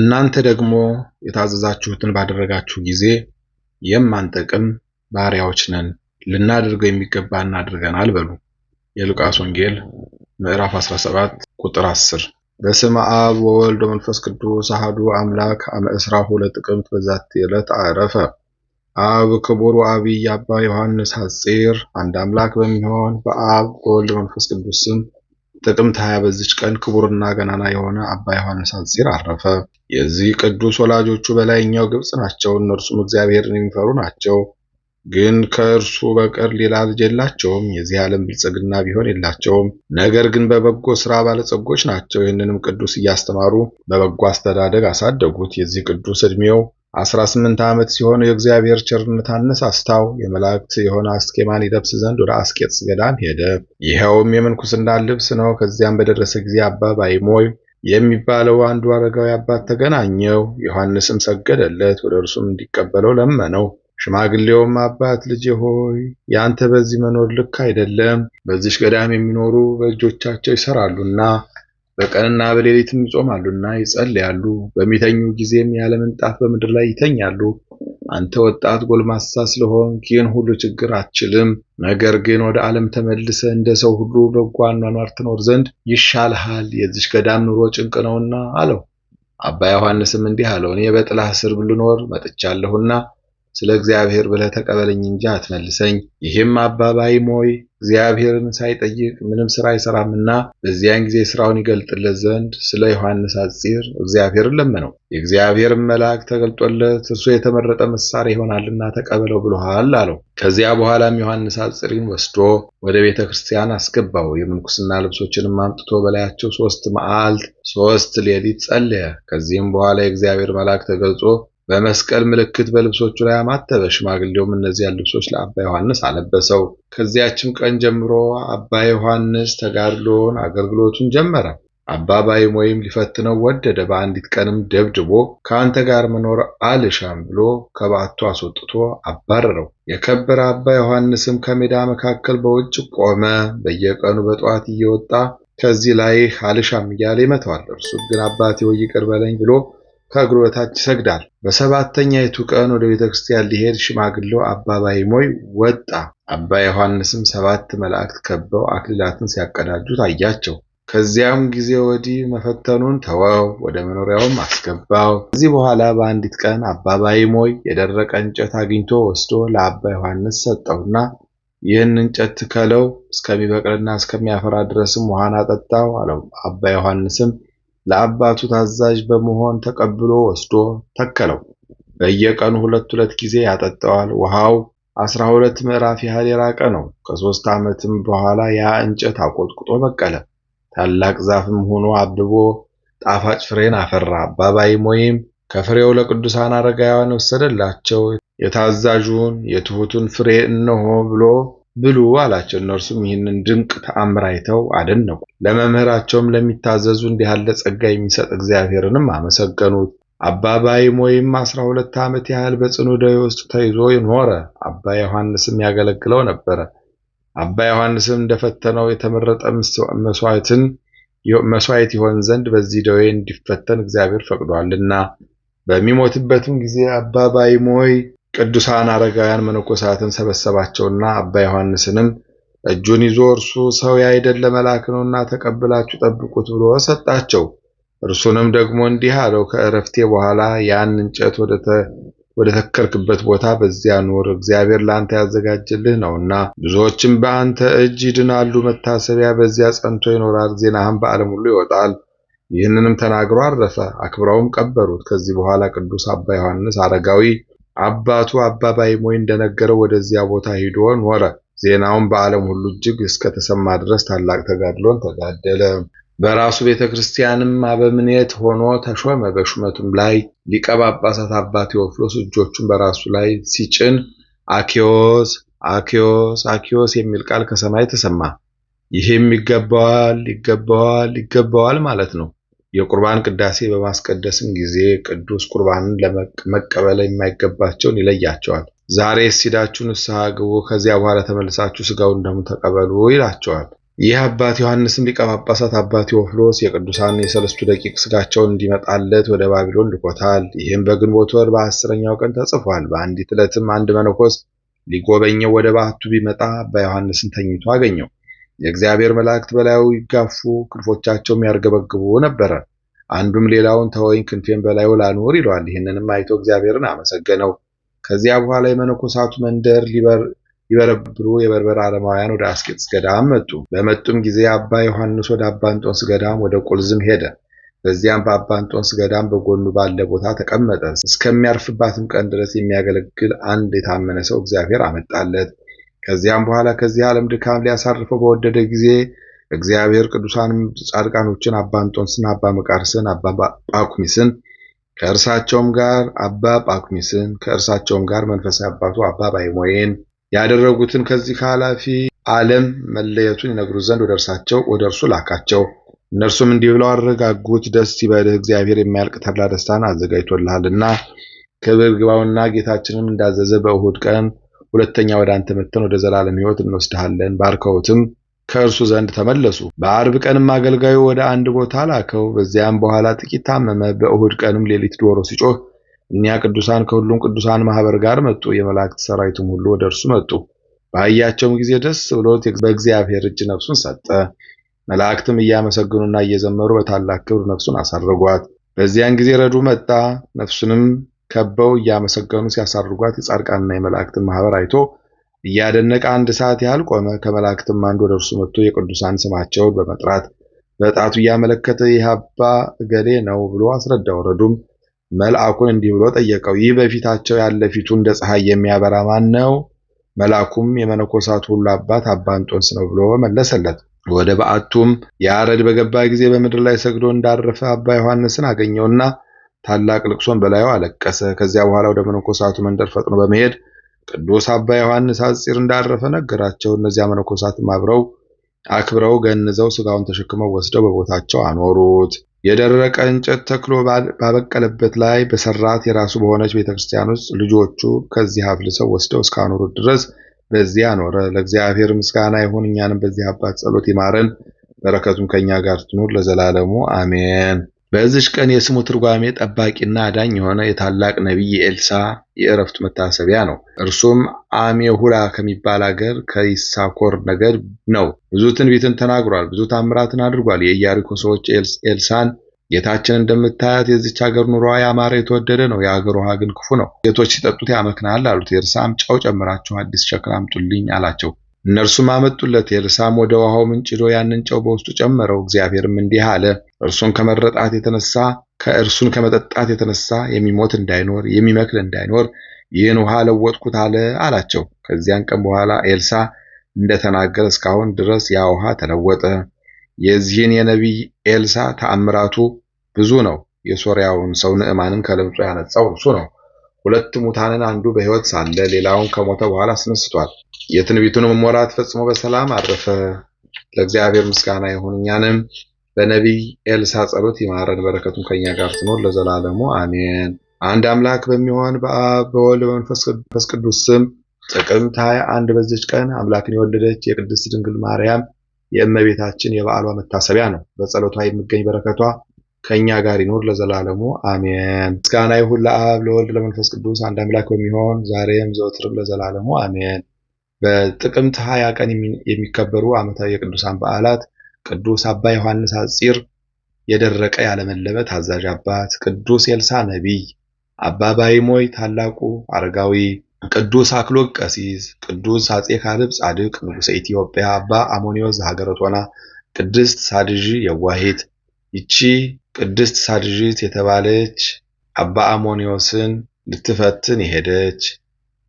እናንተ ደግሞ የታዘዛችሁትን ባደረጋችሁ ጊዜ የማንጠቅም ባሪያዎች ነን፣ ልናደርገው የሚገባ እናድርገናል በሉ። የሉቃስ ወንጌል ምዕራፍ 17 ቁጥር 10። በስመ አብ ወወልድ ወመንፈስ ቅዱስ አህዱ አምላክ አመ ዕሥራሁ ለጥቅምት በዛቲ ዕለት አረፈ አብ ክቡር ወአቢይ አባ ዮሐንስ ሐጺር። አንድ አምላክ በሚሆን በአብ ወወልድ ወመንፈስ ቅዱስ ስም ጥቅምት 20 በዚች ቀን ክቡርና ገናና የሆነ አባ ዮሐንስ አፂር አረፈ። የዚህ ቅዱስ ወላጆቹ በላይኛው ግብጽ ናቸው። እነርሱም እግዚአብሔርን የሚፈሩ ናቸው። ግን ከእርሱ በቀር ሌላ ልጅ የላቸውም። የዚህ ዓለም ብልጽግና ቢሆን የላቸውም። ነገር ግን በበጎ ሥራ ባለጸጎች ናቸው። ይህንንም ቅዱስ እያስተማሩ በበጎ አስተዳደግ አሳደጉት። የዚህ ቅዱስ ዕድሜው አስራ ስምንት ዓመት ሲሆን የእግዚአብሔር ቸርነት አነሳስታው የመላእክት የሆነ አስኬማን ይለብስ ዘንድ ወደ አስቄጥስ ገዳም ሄደ። ይኸውም የምንኩስና ልብስ ነው። ከዚያም በደረሰ ጊዜ አባ ባይሞይ የሚባለው አንዱ አረጋዊ አባት ተገናኘው። ዮሐንስም ሰገደለት፣ ወደ እርሱም እንዲቀበለው ለመነው። ሽማግሌውም አባት ልጅ ሆይ ያንተ በዚህ መኖር ልክ አይደለም፣ በዚህ ገዳም የሚኖሩ በእጆቻቸው ይሰራሉና በቀንና በሌሊትም ይጾማሉና ይጸልያሉ፣ በሚተኙ ጊዜም ያለ ምንጣፍ በምድር ላይ ይተኛሉ። አንተ ወጣት ጎልማሳ ስለሆንክ ይህን ሁሉ ችግር አትችልም። ነገር ግን ወደ ዓለም ተመልሰ እንደ ሰው ሁሉ በጎ አኗኗር ትኖር ዘንድ ይሻልሃል። የዚች ገዳም ኑሮ ጭንቅ ነውና አለው። አባ ዮሐንስም እንዲህ አለው፣ እኔ በጥላ ስር ብልኖር መጥቻለሁና ስለ እግዚአብሔር ብለህ ተቀበለኝ እንጂ አትመልሰኝ። ይህም አባባይ ሞይ እግዚአብሔርን ሳይጠይቅ ምንም ሥራ አይሠራምና በዚያን ጊዜ ሥራውን ይገልጥለት ዘንድ ስለ ዮሐንስ አፂር እግዚአብሔርን ለመነው። የእግዚአብሔርን መልአክ ተገልጦለት እርሱ የተመረጠ መሳሪያ ይሆናልና ተቀበለው ብሎሃል አለው። ከዚያ በኋላም ዮሐንስ አጽሪን ወስዶ ወደ ቤተ ክርስቲያን አስገባው። የምንኩስና ልብሶችንም አምጥቶ በላያቸው ሦስት መዓልት ሦስት ሌሊት ጸለየ። ከዚህም በኋላ የእግዚአብሔር መልአክ ተገልጾ በመስቀል ምልክት በልብሶቹ ላይ አማተበ። ሽማግሌውም እነዚያን ልብሶች ለአባ ዮሐንስ አለበሰው። ከዚያችም ቀን ጀምሮ አባ ዮሐንስ ተጋድሎን አገልግሎቱን ጀመረ። አባ ባይሞይም ሊፈትነው ወደደ። በአንዲት ቀንም ደብድቦ ከአንተ ጋር መኖር አልሻም ብሎ ከበዓቱ አስወጥቶ አባረረው። የከበረ አባ ዮሐንስም ከሜዳ መካከል በውጭ ቆመ። በየቀኑ በጠዋት እየወጣ ከዚህ ላይ አልሻም እያለ ይመተዋል። እርሱ ግን አባቴ ወይ ይቅር በለኝ ብሎ ከእግሩ በታች ይሰግዳል። በሰባተኛይቱ ቀን ወደ ቤተ ክርስቲያን ሊሄድ ሽማግሌው አባ ባይሞይ ወጣ። አባ ዮሐንስም ሰባት መላእክት ከበው አክሊላትን ሲያቀዳጁ ታያቸው። ከዚያም ጊዜ ወዲህ መፈተኑን ተወው፣ ወደ መኖሪያውም አስገባው። ከዚህ በኋላ በአንዲት ቀን አባ ባይሞይ የደረቀ እንጨት አግኝቶ ወስዶ ለአባ ዮሐንስ ሰጠውና ይህን እንጨት ትከለው፣ እስከሚበቅልና እስከሚያፈራ ድረስም ውሃን አጠጣው አለው። አባ ዮሐንስም ለአባቱ ታዛዥ በመሆን ተቀብሎ ወስዶ ተከለው። በየቀኑ ሁለት ሁለት ጊዜ ያጠጣዋል። ውሃው አስራ ሁለት ምዕራፍ ያህል የራቀ ነው። ከሦስት ዓመትም በኋላ ያ እንጨት አቆጥቁጦ በቀለ። ታላቅ ዛፍም ሆኖ አብቦ ጣፋጭ ፍሬን አፈራ። አባባይ ሞይም ከፍሬው ለቅዱሳን አረጋውያን ወሰደላቸው። የታዛዡን የትሑቱን ፍሬ እነሆ ብሎ ብሉ አላቸው። እነርሱም ይህንን ድንቅ ተአምር አይተው አደነቁ። ለመምህራቸውም ለሚታዘዙ እንዲህ ያለ ጸጋ የሚሰጥ እግዚአብሔርንም አመሰገኑት። አባ ባይሞይም አስራ ሁለት ዓመት ያህል በጽኑ ደዌ ውስጥ ተይዞ ኖረ። አባ ዮሐንስም ያገለግለው ነበረ። አባ ዮሐንስም እንደፈተነው የተመረጠ መስዋዕት ይሆን ዘንድ በዚህ ደዌ እንዲፈተን እግዚአብሔር ፈቅዷልና በሚሞትበትም ጊዜ አባ ባይሞይ ቅዱሳን አረጋውያን መነኮሳትን ሰበሰባቸውና አባ ዮሐንስንም እጁን ይዞ እርሱ ሰው ያይደለ መልአክ ነውና ተቀብላችሁ ጠብቁት ብሎ ሰጣቸው። እርሱንም ደግሞ እንዲህ አለው፣ ከእረፍቴ በኋላ ያን እንጨት ወደ ተከልክበት ቦታ በዚያ ኑር፣ እግዚአብሔር ለአንተ ያዘጋጀልህ ነውና። ብዙዎችም በአንተ እጅ ይድናሉ፣ መታሰቢያ በዚያ ጸንቶ ይኖራል፣ ዜናህም በዓለም ሁሉ ይወጣል። ይህንንም ተናግሮ አረፈ። አክብረውም ቀበሩት። ከዚህ በኋላ ቅዱስ አባ ዮሐንስ አረጋዊ አባቱ አባባይ ሞይ እንደነገረው ወደዚያ ቦታ ሄዶ ኖረ። ዜናውን በዓለም ሁሉ እጅግ እስከተሰማ ድረስ ታላቅ ተጋድሎን ተጋደለ። በራሱ ቤተ ክርስቲያንም አበምኔት ሆኖ ተሾመ። በሹመቱም ላይ ሊቀ ጳጳሳት አባ ቴዎፍሎስ እጆቹን በራሱ ላይ ሲጭን አኬዎስ አኪዮስ አኪዮስ የሚል ቃል ከሰማይ ተሰማ። ይህም ይገባዋል፣ ይገባዋል፣ ይገባዋል ማለት ነው። የቁርባን ቅዳሴ በማስቀደስም ጊዜ ቅዱስ ቁርባንን ለመቀበል የማይገባቸውን ይለያቸዋል። ዛሬ ሲዳችሁ ንስሐ ግቡ፣ ከዚያ በኋላ ተመልሳችሁ ስጋውን ደሙን ተቀበሉ ይላቸዋል። ይህ አባት ዮሐንስም ሊቀ ጳጳሳት አባ ቴዎፍሎስ የቅዱሳን የሰለስቱ ደቂቅ ስጋቸውን እንዲመጣለት ወደ ባቢሎን ልኮታል። ይህም በግንቦት ወር በአስረኛው ቀን ተጽፏል። በአንዲት ዕለትም አንድ መነኮስ ሊጎበኘው ወደ ባህቱ ቢመጣ አባ ዮሐንስን ተኝቶ አገኘው። የእግዚአብሔር መላእክት በላዩ ይጋፉ፣ ክንፎቻቸውም ያርገበግቡ ነበረ። አንዱም ሌላውን ተወኝ፣ ክንፌን በላዩ ላኑር ይለዋል። ይህንንም አይቶ እግዚአብሔርን አመሰገነው። ከዚያ በኋላ የመነኮሳቱ መንደር ሊበረብሩ የበርበር አረማውያን ወደ አስቄጥስ ገዳም መጡ። በመጡም ጊዜ አባ ዮሐንስ ወደ አባንጦንስ ገዳም ወደ ቁልዝም ሄደ። በዚያም በአባንጦንስ ገዳም በጎኑ ባለ ቦታ ተቀመጠ። እስከሚያርፍባትም ቀን ድረስ የሚያገለግል አንድ የታመነ ሰው እግዚአብሔር አመጣለት። ከዚያም በኋላ ከዚህ ዓለም ድካም ሊያሳርፈው በወደደ ጊዜ እግዚአብሔር ቅዱሳንም ጻድቃኖችን አባ እንጦንስን፣ አባ መቃርስን፣ አባ ጳኩሚስን ከእርሳቸውም ጋር አባ ጳኩሚስን ከእርሳቸውም ጋር መንፈሳዊ አባቱ አባ ባይሞዬን ያደረጉትን ከዚህ ከኃላፊ ዓለም መለየቱን ይነግሩ ዘንድ ወደ እርሳቸው ወደ እርሱ ላካቸው። እነርሱም እንዲህ ብለው አረጋጉት፣ ደስ ይበልህ፣ እግዚአብሔር የማያልቅ ተድላ ደስታን አዘጋጅቶልሃልና ክብር ግባውና ጌታችንም እንዳዘዘ በእሁድ ቀን ሁለተኛ ወደ አንተ መጥተን ወደ ዘላለም ሕይወት እንወስድሃለን። ባርከውትም ከእርሱ ዘንድ ተመለሱ። በአርብ ቀንም አገልጋዩ ወደ አንድ ቦታ ላከው። በዚያም በኋላ ጥቂት ታመመ። በእሁድ ቀንም ሌሊት ዶሮ ሲጮህ እኒያ ቅዱሳን ከሁሉም ቅዱሳን ማህበር ጋር መጡ። የመላእክት ሰራዊትም ሁሉ ወደ እርሱ መጡ። ባያቸውም ጊዜ ደስ ብሎት በእግዚአብሔር እጅ ነፍሱን ሰጠ። መላእክትም እያመሰግኑና እየዘመሩ በታላቅ ክብር ነፍሱን አሳረጓት። በዚያን ጊዜ ረዱ መጣ። ነፍሱንም ከበው እያመሰገኑ ሲያሳርጓት የጻድቃንና የመላእክትን ማህበር አይቶ እያደነቀ አንድ ሰዓት ያህል ቆመ። ከመላእክትም አንዱ ወደ እርሱ መጥቶ የቅዱሳን ስማቸውን በመጥራት በጣቱ እያመለከተ ይህ አባ እገሌ ነው ብሎ አስረዳው። ረዱም መልአኩን እንዲህ ብሎ ጠየቀው፣ ይህ በፊታቸው ያለ ፊቱ እንደ ፀሐይ የሚያበራ ማን ነው? መልአኩም የመነኮሳት ሁሉ አባት አባ እንጦንስ ነው ብሎ መለሰለት። ወደ በዓቱም ያረድ በገባ ጊዜ በምድር ላይ ሰግዶ እንዳረፈ አባ ዮሐንስን አገኘውና ታላቅ ልቅሶን በላዩ አለቀሰ። ከዚያ በኋላ ወደ መነኮሳቱ መንደር ፈጥኖ በመሄድ ቅዱስ አባ ዮሐንስ አፂር እንዳረፈ ነገራቸው። እነዚያ መነኮሳትም አብረው አክብረው ገንዘው ስጋውን ተሸክመው ወስደው በቦታቸው አኖሩት። የደረቀ እንጨት ተክሎ ባበቀለበት ላይ በሰራት የራሱ በሆነች ቤተክርስቲያን ውስጥ ልጆቹ ከዚህ አፍልሰው ወስደው እስካኖሩት ድረስ በዚህ አኖረ። ለእግዚአብሔር ምስጋና ይሁን፣ እኛንም በዚህ አባት ጸሎት ይማረን፣ በረከቱም ከእኛ ጋር ትኑር ለዘላለሙ አሜን። በዚች ቀን የስሙ ትርጓሜ ጠባቂና አዳኝ የሆነ የታላቅ ነቢይ ኤልሳ የእረፍት መታሰቢያ ነው። እርሱም አሜሁላ ከሚባል አገር ከይሳኮር ነገድ ነው። ብዙ ትንቢትን ተናግሯል፣ ብዙ ታምራትን አድርጓል። የኢያሪኮ ሰዎች ኤልሳን ጌታችን እንደምታያት የዚች ሀገር ኑሯ ያማረ የተወደደ ነው፣ የሀገር ውሃ ግን ክፉ ነው፣ ሴቶች ሲጠጡት ያመክናል አሉት። ኤልሳም ጨው ጨምራችሁ አዲስ ሸክላ አምጡልኝ አላቸው። እነርሱም አመጡለት። ኤልሳም ወደ ውሃው ምንጭ ሄዶ ያንን ጨው በውስጡ ጨመረው። እግዚአብሔርም እንዲህ አለ፣ እርሱን ከመረጣት የተነሳ ከእርሱን ከመጠጣት የተነሳ የሚሞት እንዳይኖር የሚመክል እንዳይኖር ይህን ውሃ ለወጥኩት አለ አላቸው። ከዚያን ቀን በኋላ ኤልሳ እንደተናገረ እስካሁን ድረስ ያ ውሃ ተለወጠ። የዚህን የነቢይ ኤልሳ ተአምራቱ ብዙ ነው። የሶርያውን ሰው ንዕማንን ከለምጹ ያነጻው እርሱ ነው። ሁለት ሙታንን አንዱ በሕይወት ሳለ ሌላውን ከሞተ በኋላ አስነስቷል። የትንቢቱንም ወራት ፈጽሞ በሰላም አረፈ። ለእግዚአብሔር ምስጋና ይሁን እኛንም በነቢይ ኤልሳ ጸሎት ይማረን፣ በረከቱም ከኛ ጋር ትኖር ለዘላለሙ አሜን። አንድ አምላክ በሚሆን በአብ በወልድ በመንፈስ ቅዱስ ስም ጥቅምት ሃያ አንድ በዚች ቀን አምላክን የወለደች የቅድስት ድንግል ማርያም የእመቤታችን የበዓሏ መታሰቢያ ነው። በጸሎቷ የሚገኝ በረከቷ ከእኛ ጋር ይኖር ለዘላለሙ አሜን። ምስጋና ይሁን ለአብ ለወልድ ለመንፈስ ቅዱስ አንድ አምላክ በሚሆን ዛሬም ዘወትርም ለዘላለሙ አሜን። በጥቅምት ሃያ ቀን የሚከበሩ ዓመታዊ የቅዱሳን በዓላት ቅዱስ አባ ዮሐንስ አፂር የደረቀ ያለመለመ ታዛዥ አባት፣ ቅዱስ ኤልሳ ነቢይ፣ አባ ባይሞይ ታላቁ አረጋዊ፣ ቅዱስ አክሎግ ቀሲስ፣ ቅዱስ አጼ ካልብ ጻድቅ ንጉሰ ኢትዮጵያ፣ አባ አሞኒዮስ ሀገረ ቶና፣ ቅድስት ሳድዥ የዋሂት። ይቺ ቅድስት ሳድዥት የተባለች አባ አሞኒዮስን ልትፈትን የሄደች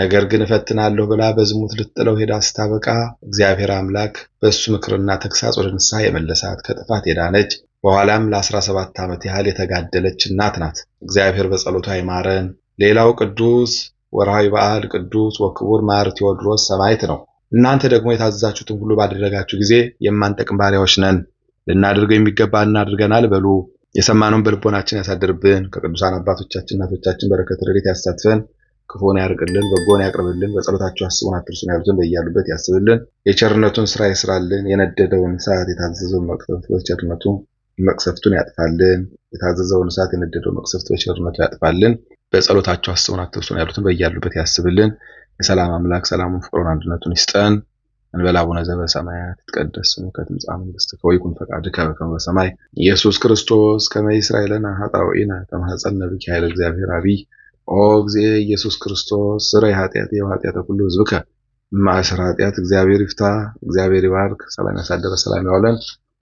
ነገር ግን እፈትናለሁ ብላ በዝሙት ልትጥለው ሄዳ ስታበቃ እግዚአብሔር አምላክ በእሱ ምክርና ተግሳጽ ወደ ንስሐ የመለሳት ከጥፋት የዳነች በኋላም ለ17 ዓመት ያህል የተጋደለች እናት ናት። እግዚአብሔር በጸሎቷ ይማረን። ሌላው ቅዱስ ወርሃዊ በዓል ቅዱስ ወክቡር ማር ቴዎድሮስ ሰማዕት ነው። እናንተ ደግሞ የታዘዛችሁትን ሁሉ ባደረጋችሁ ጊዜ የማንጠቅም ባሪያዎች ነን፣ ልናደርገው የሚገባ እናድርገናል በሉ። የሰማነውን በልቦናችን ያሳድርብን። ከቅዱሳን አባቶቻችን እናቶቻችን በረከት ረድኤት ያሳትፈን። ክፉን ያርቅልን፣ በጎን ያቅርብልን፣ በጸሎታችሁ አስቡን አትርሱን ያሉትን በያሉበት ያስብልን፣ የቸርነቱን ስራ ይስራልን፣ የነደደውን እሳት የታዘዘውን መቅሰፍት በቸርነቱ መቅሰፍቱን ያጥፋልን፣ የታዘዘውን እሳት የነደደውን መቅሰፍት በቸርነቱ ያጥፋልን፣ በጸሎታችሁ አስቡን አትርሱን ያሉትን በያሉበት ያስብልን፣ የሰላም አምላክ ሰላሙን፣ ፍቅሩን፣ አንድነቱን ይስጠን። እንበል አቡነ ዘበሰማያት ይትቀደስ ስምከ ትምጻእ መንግሥትከ ወይኩን ፈቃድከ በከመ በሰማይ ኢየሱስ ክርስቶስ ከመ ይስራይ ለነ ኃጣውኢነ ከመ ሀፀን ነብኪ ኃይለ እግዚአብሔር አብይ ኦ እግዚእ ኢየሱስ ክርስቶስ ስረ ኃጢአት የኃጢአተ ሁሉ ህዝብከ ማእሰር ኃጢአት እግዚአብሔር ይፍታ። እግዚአብሔር ይባርክ። ሰላም ያሳደረ ሰላም ያውለን።